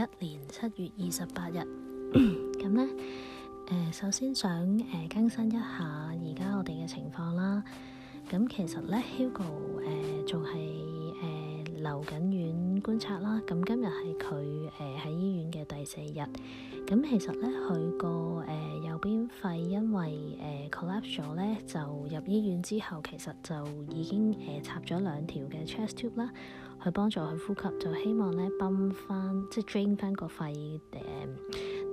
一年七月二十八日，咁咧，誒、 呃，首先想誒、呃、更新一下而家我哋嘅情況啦。咁其實咧，Hugo 誒仲係誒留緊院觀察啦。咁今日係佢誒喺醫院嘅第四日。咁其實咧，佢個誒右邊肺因為誒 collapse 咗咧，就入醫院之後，其實就已經誒、呃、插咗兩條嘅 chest tube 啦。去幫助佢呼吸，就希望咧，泵翻，即係 drain 翻個肺誒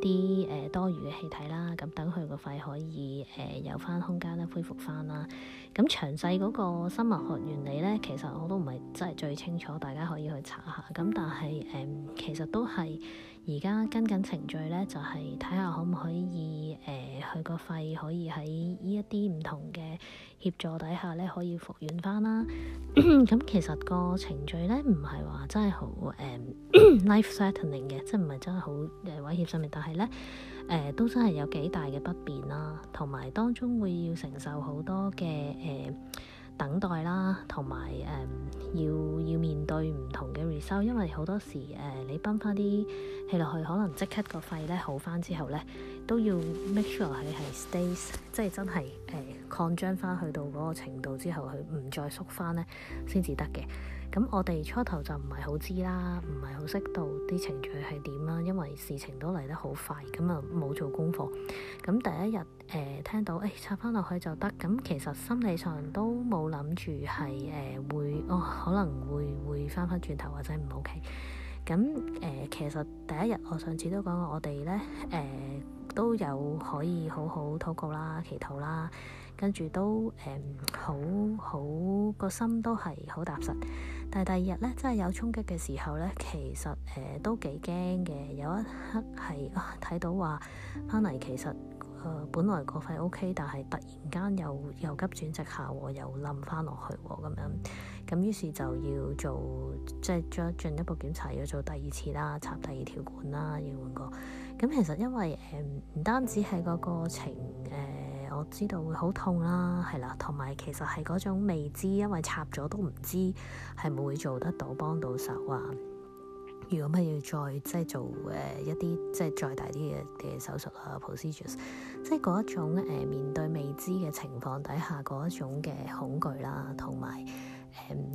啲誒多餘嘅氣體啦。咁等佢個肺可以誒有翻空間咧，恢復翻啦。咁詳細嗰個生物學原理咧，其實我都唔係真係最清楚，大家可以去查下。咁但係誒、呃，其實都係。而家跟緊程序咧，就係睇下可唔可以誒，佢、呃、個肺可以喺呢一啲唔同嘅協助底下咧，可以復原返啦。咁 其實個程序咧，唔係話真係好、呃、life-threatening 嘅，即係唔係真係好誒危險上面，但係咧誒都真係有幾大嘅不便啦、啊，同埋當中會要承受好多嘅誒。呃等待啦，同埋誒要要面對唔同嘅 result，因為好多時誒、呃、你泵翻啲氣落去，可能即刻個肺咧好翻之後咧，都要 make sure 佢係 stay，即係真係誒、呃、擴張翻去到嗰個程度之後，佢唔再縮翻咧先至得嘅。咁我哋初頭就唔係好知啦，唔係好識到啲程序係點啦，因為事情都嚟得好快，咁啊冇做功課。咁第一日誒、呃、聽到誒、欸、插翻落去就得，咁其實心理上都冇諗住係誒會哦，可能會會翻翻轉頭或者唔 OK。咁誒、呃、其實第一日我上次都講過我呢，我哋咧誒都有可以好好禱告啦、祈禱啦，跟住都誒、呃、好好，好個心都係好踏實。但係第二日咧，真係有衝擊嘅時候咧，其實誒、呃、都幾驚嘅。有一刻係睇、呃、到話翻嚟，其實誒、呃、本來個肺 OK，但係突然間又又急轉直下，又冧翻落去喎咁樣。咁於是就要做即係再進一步檢查，要做第二次啦，插第二條管啦，要換個。咁其實因為誒唔、呃、單止係個過程誒。呃我知道會好痛啦，係啦，同埋其實係嗰種未知，因為插咗都唔知係會唔會做得到幫到手啊。如果咩要再即係做誒、呃、一啲即係再大啲嘅嘅手術啊，procedures，即係嗰一種誒、呃、面對未知嘅情況底下嗰一種嘅恐懼啦、啊，同埋。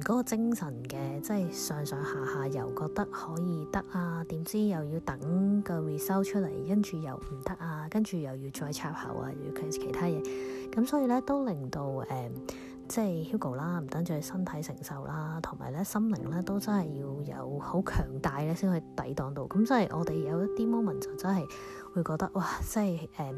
嗰個精神嘅，即係上上下下又覺得可以得啊，點知又要等個 result 出嚟，跟住又唔得啊，跟住又要再插口啊，要其其他嘢，咁所以咧都令到誒、呃，即係 Hugo 啦，唔單止身體承受啦，同埋咧心靈咧都真係要有好強大咧先可以抵擋到。咁即係我哋有一啲 moment 就真係會覺得哇，即係誒、呃、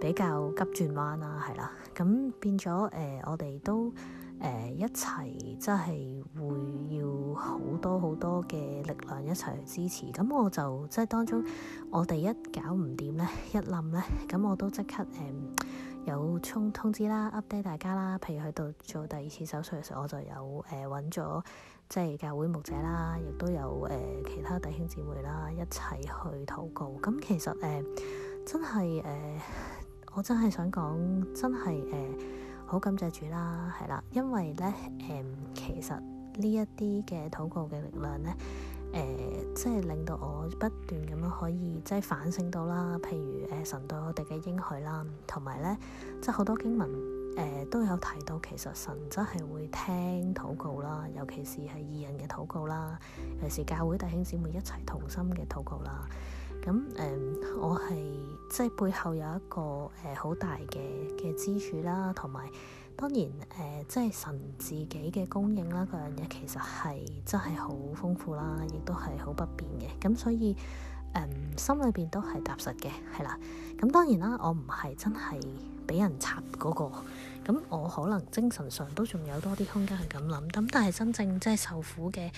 比較急轉彎啦，係啦，咁變咗誒、呃、我哋都。誒、呃、一齊，即係會要好多好多嘅力量一齊去支持。咁我就即係當中，我哋一搞唔掂呢，一冧呢，咁我都即刻誒、呃、有充通知啦，update 大家啦。譬如去到做第二次手術嘅時候，我就有誒揾咗即係教會牧者啦，亦都有誒、呃、其他弟兄姊妹啦，一齊去禱告。咁其實誒、呃、真係誒、呃，我真係想講真係誒。呃好感謝主啦，係啦，因為咧，誒、嗯，其實呢一啲嘅禱告嘅力量咧，誒、呃，即係令到我不斷咁樣可以即係反省到啦。譬如誒、呃，神對我哋嘅應許啦，同埋咧，即係好多經文誒、呃、都有提到，其實神真係會聽禱告啦，尤其是係二人嘅禱告啦，尤其是教會弟兄姊妹一齊同心嘅禱告啦。咁誒、嗯，我係即係背後有一個誒好、呃、大嘅嘅支柱啦，同埋當然誒、呃，即係神自己嘅供應啦，嗰樣嘢其實係真係好豐富啦，亦都係好不變嘅。咁所以。Um, 心裏邊都係踏實嘅，係啦。咁當然啦，我唔係真係俾人插嗰、那個，咁我可能精神上都仲有多啲空間係咁諗。咁但係真正即係、就是、受苦嘅，誒、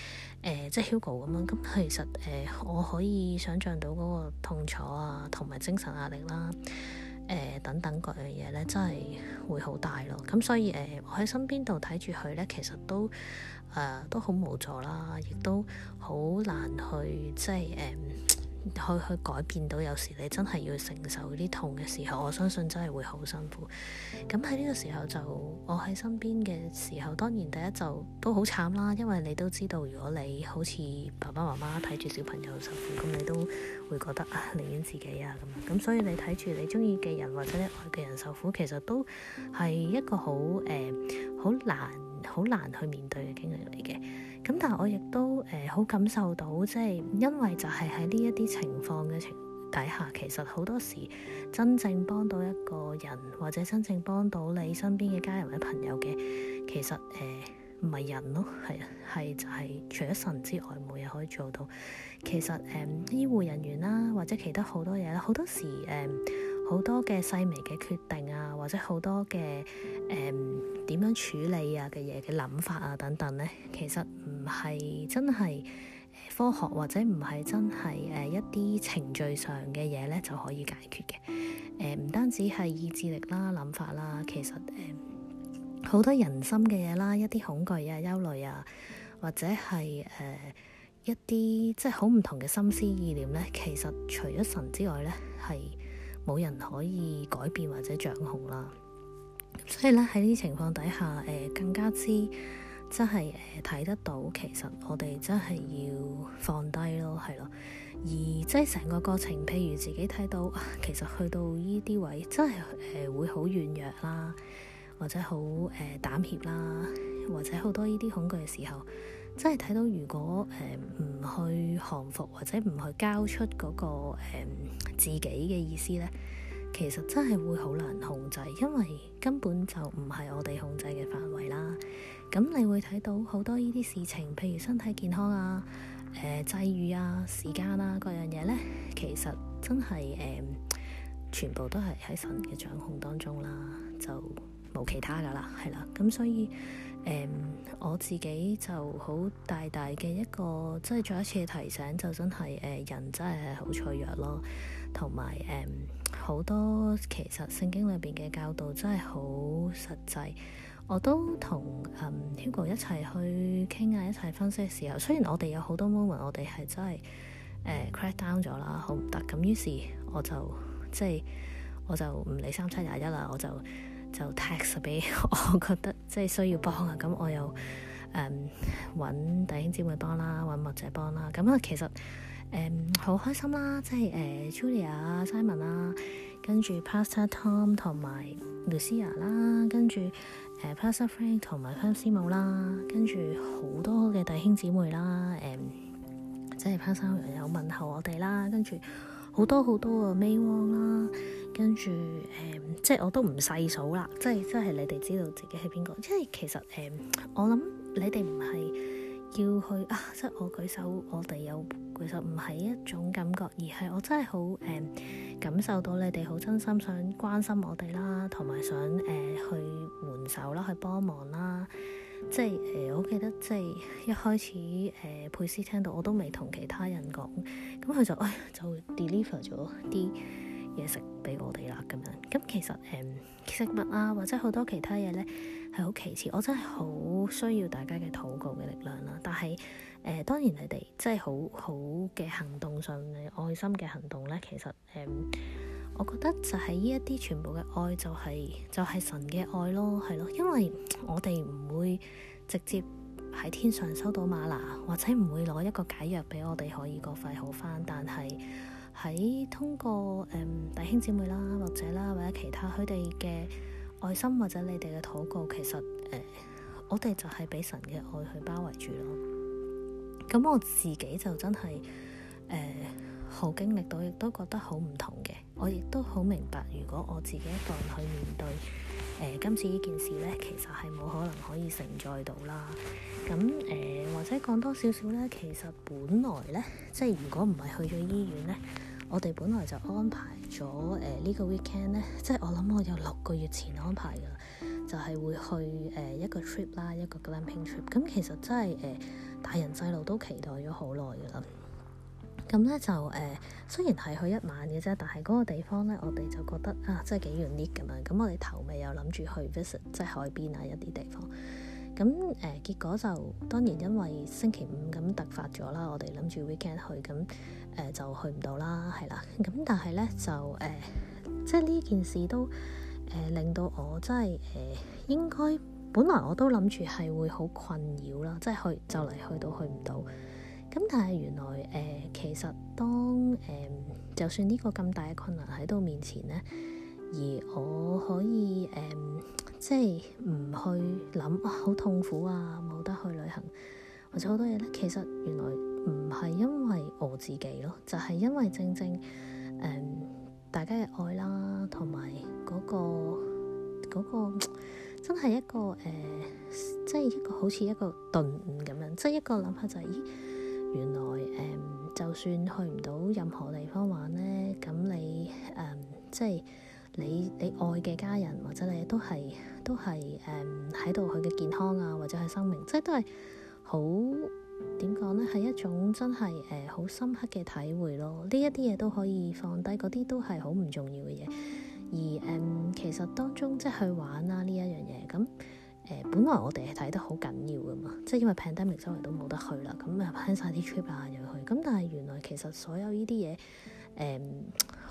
呃、即係、就是、Hugo 咁樣。咁其實誒、呃、我可以想象到嗰個痛楚啊，同埋精神壓力啦、啊，誒、呃、等等各樣嘢咧，真係會好大咯。咁所以誒，我、呃、喺身邊度睇住佢咧，其實都誒、呃、都好無助啦，亦都好難去即係誒。呃去去改變到有時你真係要承受啲痛嘅時候，我相信真係會好辛苦。咁喺呢個時候就我喺身邊嘅時候，當然第一就都好慘啦，因為你都知道如果你好似爸爸媽媽睇住小朋友受苦，咁你都會覺得啊，寧願自己啊咁。咁所以你睇住你中意嘅人或者你愛嘅人受苦，其實都係一個好誒好難。好難去面對嘅經歷嚟嘅，咁但係我亦都誒好、呃、感受到，即、就、係、是、因為就係喺呢一啲情況嘅情況底下，其實好多時真正幫到一個人或者真正幫到你身邊嘅家人或者朋友嘅，其實誒唔係人咯，係係就係除咗神之外冇嘢可以做到。其實誒、呃、醫護人員啦，或者其他好多嘢啦，好多時誒。呃好多嘅細微嘅決定啊，或者好多嘅誒點樣處理啊嘅嘢嘅諗法啊等等咧，其實唔係真係科學，或者唔係真係誒、呃、一啲程序上嘅嘢咧就可以解決嘅。誒、呃、唔單止係意志力啦、諗法啦，其實誒、嗯、好多人心嘅嘢啦，一啲恐懼啊、憂慮啊，或者係誒、呃、一啲即係好唔同嘅心思意念咧，其實除咗神之外咧係。冇人可以改變或者掌控啦，所以咧喺呢啲情況底下，誒、呃、更加之真係誒睇得到，其實我哋真係要放低咯，係咯，而即係成個過程，譬如自己睇到、啊、其實去到呢啲位，真係誒、呃、會好軟弱啦，或者好誒膽怯啦，或者好多呢啲恐懼嘅時候。真係睇到，如果誒唔、呃、去降服或者唔去交出嗰、那個、呃、自己嘅意思咧，其實真係會好難控制，因為根本就唔係我哋控制嘅範圍啦。咁你會睇到好多呢啲事情，譬如身體健康啊、誒際遇啊、時間啊各樣嘢咧，其實真係誒、呃、全部都係喺神嘅掌控當中啦，就冇其他噶啦，係啦。咁所以。誒、um, 我自己就好大大嘅一個，即係再一次提醒，就真係誒、嗯、人真係好脆弱咯，同埋誒好多其實聖經裏邊嘅教導真係好實際。我都同嗯 Hugo 一齊去傾啊，一齊分析嘅時候，雖然我哋有好多 moment，我哋係真係誒 crack down 咗啦，好唔得。咁於是我就即係、就是、我就唔理三七廿一啦，我就。就 text 俾我覺得即係需要幫啊，咁我又誒揾、嗯、弟兄姊妹幫啦、啊，揾牧者幫啦、啊，咁、嗯、啊其實誒好、嗯、開心啦、啊，即係誒、呃、Julia Simon、啊、Simon 啦、啊，跟住 Pastor Tom 同埋 Lucia 啦，跟住誒 Pastor Frank 同埋潘師母啦，跟住好多嘅弟兄姊妹啦、啊，誒、嗯、即係潘生又有問候我哋啦、啊，跟住。好多好多啊，May 王啦，跟住誒，即係我都唔細數啦，即係即係你哋知道自己係邊個，即係其實誒、嗯，我諗你哋唔係要去啊，即係我舉手，我哋有舉手唔係一種感覺，而係我真係好誒、嗯、感受到你哋好真心想關心我哋啦，同埋想誒、嗯、去援手啦，去幫忙啦。即係誒、呃，我記得即係一開始誒、呃，佩斯聽到我都未同其他人講，咁佢就誒、哎、就 deliver 咗啲嘢食俾我哋啦。咁樣咁其實誒、呃、食物啊，或者好多其他嘢咧係好其次，我真係好需要大家嘅禱告嘅力量啦。但係誒、呃，當然你哋即係好好嘅行動上嘅愛心嘅行動咧，其實誒。呃我覺得就係呢一啲全部嘅愛、就係，就係就係神嘅愛咯，係咯，因為我哋唔會直接喺天上收到馬拿，或者唔會攞一個解藥俾我哋可以個肺好翻，但係喺通過誒、呃、弟兄姊妹啦，或者啦或者其他佢哋嘅愛心或者你哋嘅禱告，其實誒、呃、我哋就係俾神嘅愛去包圍住咯。咁我自己就真係誒。呃好經歷到，亦都覺得好唔同嘅。我亦都好明白，如果我自己一個人去面對、呃、今次呢件事呢，其實係冇可能可以承載到啦。咁誒、呃，或者講多少少呢？其實本來呢，即係如果唔係去咗醫院呢，我哋本來就安排咗誒呢個 weekend 呢。即係我諗我有六個月前安排㗎就係、是、會去誒、呃、一個 trip 啦，一個 glamping trip。咁其實真係誒、呃、大人細路都期待咗好耐㗎啦。咁咧就誒、呃，雖然係去一晚嘅啫，但係嗰個地方咧，我哋就覺得啊，真係幾遠啲咁樣。咁我哋頭尾又諗住去 visit 即係海邊啊一啲地方。咁誒、呃，結果就當然因為星期五咁突發咗啦，我哋諗住 weekend 去，咁誒、呃、就去唔到啦，係啦。咁但係咧就誒、呃，即係呢件事都誒、呃、令到我真係誒、呃、應該，本來我都諗住係會好困擾啦，即係去就嚟去到去唔到。咁但係原來誒、呃，其實當誒、呃，就算呢個咁大嘅困難喺到面前咧，而我可以誒、呃，即係唔去諗啊、好、痛苦啊，冇得去旅行，或者好多嘢咧。其實原來唔係因為我自己咯，就係、是、因為正正誒、呃、大家嘅愛啦，同埋嗰個、那個、真係一個誒、呃，即係一個好似一個頓悟咁樣，即係一個諗法就係、是，咦？原來誒、嗯，就算去唔到任何地方玩咧，咁你誒、嗯，即係你你愛嘅家人或者你都係都係誒喺度佢嘅健康啊，或者係生命，即係都係好，點講咧？係一種真係誒好深刻嘅體會咯。呢一啲嘢都可以放低，嗰啲都係好唔重要嘅嘢。而誒、嗯，其實當中即係去玩啦、啊、呢一樣嘢咁。呃、本來我哋係睇得好緊要噶嘛，即係因為 pandemic 周圍都冇得去啦，咁 plan 曬啲 trip 啊又去，咁但係原來其實所有呢啲嘢，誒、呃、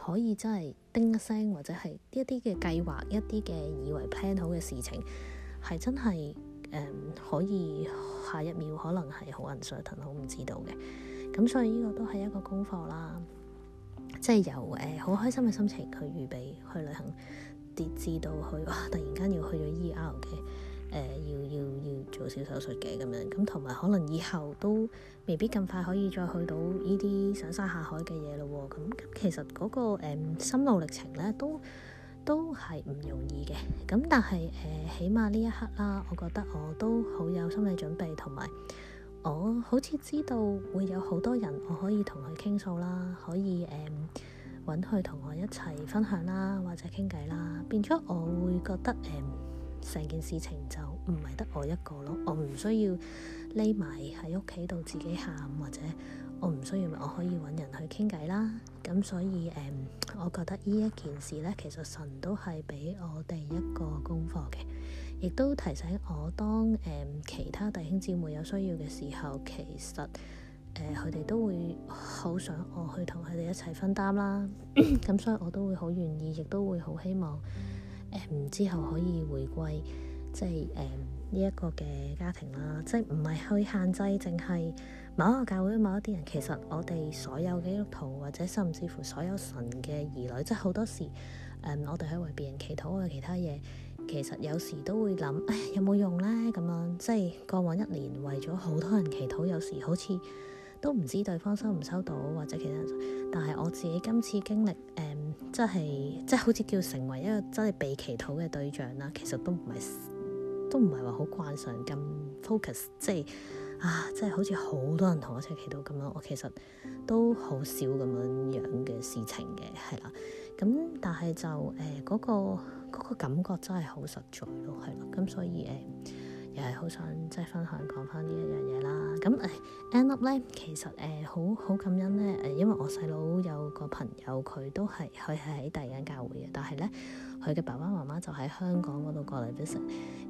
可以真係叮一聲，或者係一啲嘅計劃，一啲嘅以為 plan 好嘅事情，係真係誒、呃、可以下一秒可能係好雲水頓，好唔知道嘅。咁所以呢個都係一個功課啦，即係由誒好、呃、開心嘅心情去預備去旅行，跌至到去哇，突然間要去咗 E.R. 嘅。誒、呃、要要要做小手術嘅咁樣，咁同埋可能以後都未必咁快可以再去到呢啲上山下海嘅嘢咯。咁咁其實嗰、嗰個、嗯、心路歷程咧，都都係唔容易嘅。咁但係誒、呃，起碼呢一刻啦，我覺得我都好有心理準備，同埋我好似知道會有好多人，我可以同佢傾訴啦，可以誒搵佢同我一齊分享啦，或者傾偈啦，變咗我會覺得誒。嗯成件事情就唔係得我一個咯，我唔需要匿埋喺屋企度自己喊，或者我唔需要，我可以揾人去傾偈啦。咁所以誒、嗯，我覺得呢一件事呢，其實神都係俾我哋一個功課嘅，亦都提醒我當、嗯、其他弟兄姊妹有需要嘅時候，其實佢哋、呃、都會好想我去同佢哋一齊分擔啦。咁 所以我都會好願意，亦都會好希望。誒，之後可以回歸，即係誒呢一個嘅家庭啦。即係唔係去限制，淨係某一個教會、某一啲人。其實我哋所有嘅基督徒或者甚至乎所有神嘅兒女，即係好多時誒、嗯，我哋喺為別人祈禱或者其他嘢，其實有時都會諗誒，有冇用咧？咁樣即係過往一年為咗好多人祈禱，有時好似。都唔知對方收唔收到，或者其他人收。但係我自己今次經歷，誒、嗯，即係即係好似叫成為一個真係被祈禱嘅對象啦。其實都唔係，都唔係話好慣常咁 focus，即係啊，即係好似好多人同我一齊祈禱咁樣。我其實都好少咁樣樣嘅事情嘅，係啦。咁但係就誒嗰個嗰個感覺真係好實在咯，係啦。咁所以誒。嗯係好 想即係分享講翻呢一樣嘢啦。咁 end up 咧，其實誒、呃、好好感恩咧誒，因為我細佬有個朋友，佢都係佢係喺第二隱教會第二間教會嘅，但係咧佢嘅爸爸媽媽就喺香港嗰度過嚟 visit，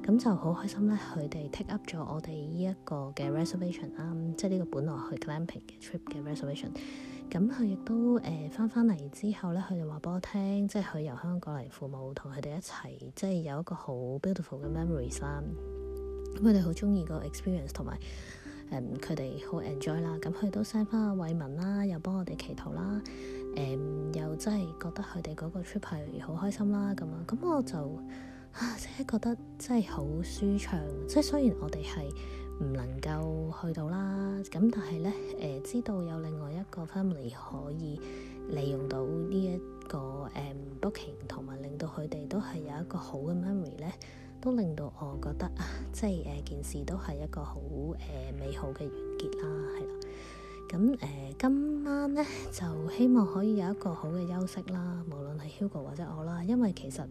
咁就好開心咧。佢哋 take up 咗我哋呢一個嘅 reservation 啦，即係呢個本來去 camping 嘅 trip 嘅 reservation。咁佢亦都誒翻翻嚟之後咧，佢就話俾我聽，即係佢由香港過嚟，父母同佢哋一齊，即係有一個好 beautiful 嘅 memory 啦。咁佢哋好中意個 experience，同埋誒佢哋好 enjoy 啦。咁佢都 send 翻阿偉文啦，又幫我哋祈禱啦。誒、嗯，又真係覺得佢哋嗰個 trip 係好開心啦。咁、嗯、啊，咁我就啊，即係覺得真係好舒暢。即係雖然我哋係唔能夠去到啦，咁但係咧誒，知道有另外一個 family 可以利用到呢、這、一個誒 booking，同埋令到佢哋都係有一個好嘅 memory 咧。都令到我覺得啊，即係誒件事都係一個好誒、呃、美好嘅完結啦，係啦。咁誒、呃、今晚咧就希望可以有一個好嘅休息啦，無論係 Hugo 或者我啦。因為其實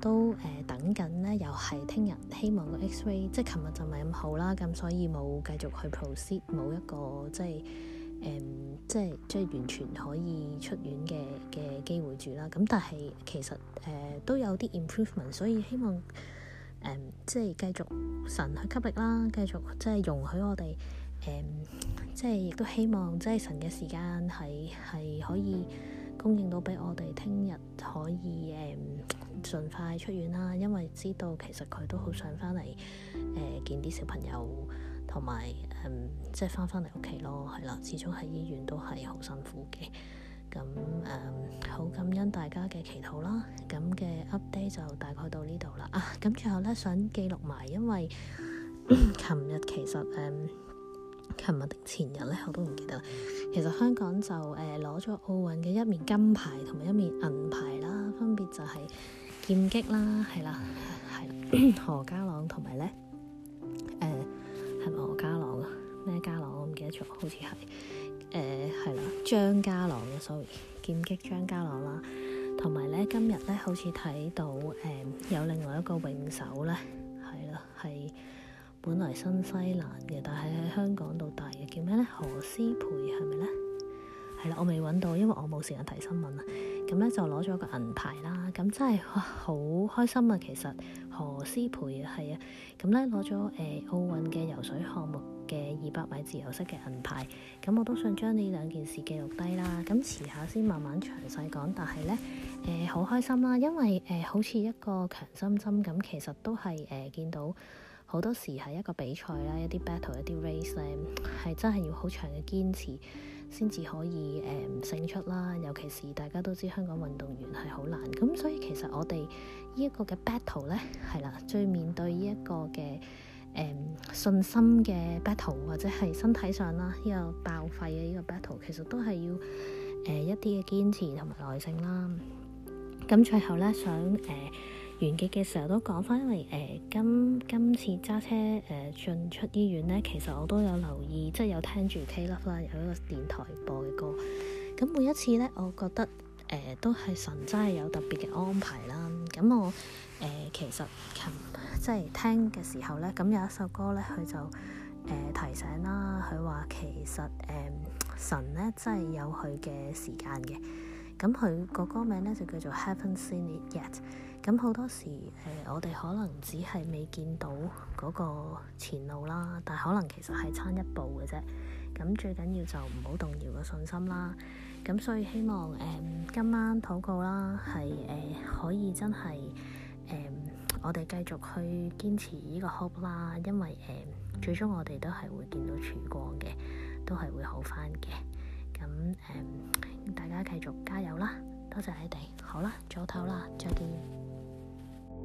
都誒、呃、等緊咧，又係聽日希望個 X-ray 即係琴日就唔係咁好啦，咁所以冇繼續去 proceed 冇一個即係誒、呃、即係即係完全可以出院嘅嘅機會住啦。咁但係其實誒、呃、都有啲 improvement，所以希望。誒、嗯，即係繼續神去給力啦，繼續即係容許我哋誒、嗯，即係亦都希望即係神嘅時間喺係可以供應到俾我哋，聽日可以誒盡、嗯、快出院啦。因為知道其實佢都好想翻嚟誒見啲小朋友同埋誒，即係翻翻嚟屋企咯。係啦，始終喺醫院都係好辛苦嘅。咁誒，好、嗯、感恩大家嘅祈禱啦。咁嘅 update 就大概到呢度啦。啊，咁最後咧，想記錄埋，因為琴日其實誒，琴日定前日咧，我都唔記得啦。其實香港就誒攞咗奧運嘅一面金牌同埋一面銀牌啦，分別就係劍擊啦，係啦，係啦， 何家朗同埋咧，誒係咪何家朗啊？咩家朗？我唔記得咗，好似係。誒係啦，張家朗嘅 sorry 劍擊張家朗啦，同埋咧今日咧好似睇到誒、um, 有另外一個泳手咧係啦，係本來新西蘭嘅，但係喺香港度大嘅叫咩咧？何詩蓓係咪咧？是係啦，我未揾到，因為我冇時間睇新聞啊。咁咧就攞咗個銀牌啦，咁真係好開心啊！其實何詩蓓係啊，咁咧攞咗誒奧運嘅游水項目嘅二百米自由式嘅銀牌。咁我都想將呢兩件事記錄低啦。咁遲下先慢慢詳細講。但係咧，誒、呃、好開心啦、啊，因為誒、呃、好似一個強心針咁，其實都係誒、呃、見到好多時係一個比賽啦，一啲 battle，一啲 race 咧，係真係要好長嘅堅持。先至可以誒、嗯、勝出啦，尤其是大家都知香港運動員係好難，咁所以其實我哋呢一個嘅 battle 呢，係啦，最面對呢一個嘅誒、嗯、信心嘅 battle，或者係身體上啦，呢個爆肺嘅呢個 battle，其實都係要誒、呃、一啲嘅堅持同埋耐性啦。咁最後呢，想誒、呃完結嘅時候都講翻，因為誒今今次揸車誒進出醫院咧，其實我都有留意，即係有聽住 K Love 啦，有一個電台播嘅歌。咁每一次咧，我覺得誒、呃、都係神真係有特別嘅安排啦。咁我誒、呃、其實琴、嗯、即係聽嘅時候咧，咁有一首歌咧，佢就誒、呃、提醒啦，佢話其實誒、嗯、神咧真係有佢嘅時間嘅。咁佢個歌名咧就叫做《Haven’t Seen It Yet》。咁好多時誒、呃，我哋可能只係未見到嗰個前路啦，但可能其實係差一步嘅啫。咁最緊要就唔好動搖個信心啦。咁所以希望誒、呃、今晚禱告啦，係誒、呃、可以真係誒、呃、我哋繼續去堅持呢個 hope 啦，因為誒、呃、最終我哋都係會見到曙光嘅，都係會好返嘅。咁誒、呃、大家繼續加油啦！多謝你哋，好啦，早唞啦，再見。